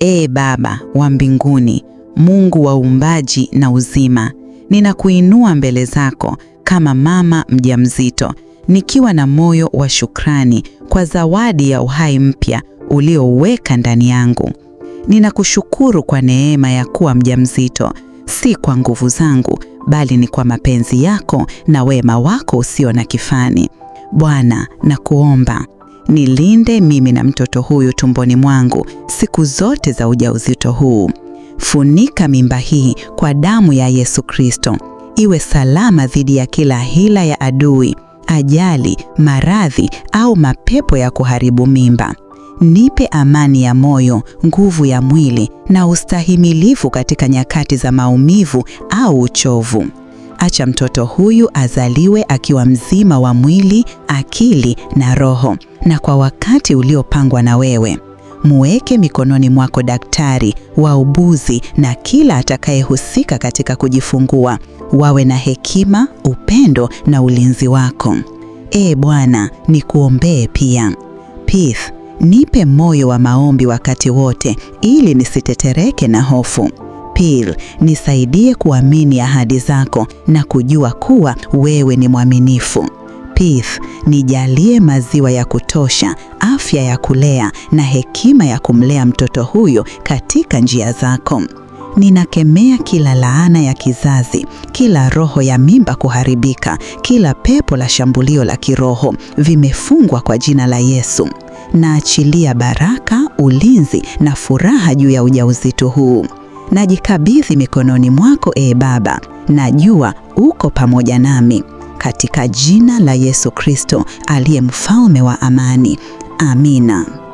Ee Baba wa mbinguni, Mungu wa uumbaji na uzima, ninakuinua mbele zako kama mama mjamzito, nikiwa na moyo wa shukrani kwa zawadi ya uhai mpya ulioweka ndani yangu. Ninakushukuru kwa neema ya kuwa mjamzito, si kwa nguvu zangu, bali ni kwa mapenzi yako na wema wako usio na kifani. Bwana, nakuomba nilinde mimi na mtoto huyu tumboni mwangu siku zote za ujauzito huu. Funika mimba hii kwa damu ya Yesu Kristo, iwe salama dhidi ya kila hila ya adui, ajali, maradhi au mapepo ya kuharibu mimba. Nipe amani ya moyo, nguvu ya mwili na ustahimilivu katika nyakati za maumivu au uchovu. Acha mtoto huyu azaliwe akiwa mzima wa mwili, akili na roho, na kwa wakati uliopangwa na wewe. Muweke mikononi mwako daktari, wauguzi na kila atakayehusika katika kujifungua. Wawe na hekima, upendo na ulinzi wako. Ee Bwana, nikuombee pia. Pith, nipe moyo wa maombi wakati wote ili nisitetereke na hofu. Pil, nisaidie kuamini ahadi zako na kujua kuwa wewe ni mwaminifu. PIF, nijalie maziwa ya kutosha, afya ya kulea na hekima ya kumlea mtoto huyo katika njia zako. Ninakemea kila laana ya kizazi, kila roho ya mimba kuharibika, kila pepo la shambulio la kiroho, vimefungwa kwa jina la Yesu. Naachilia baraka, ulinzi na furaha juu ya ujauzito huu. Najikabidhi mikononi mwako, ee Baba, najua uko pamoja nami katika jina la Yesu Kristo aliye mfalme wa amani. Amina.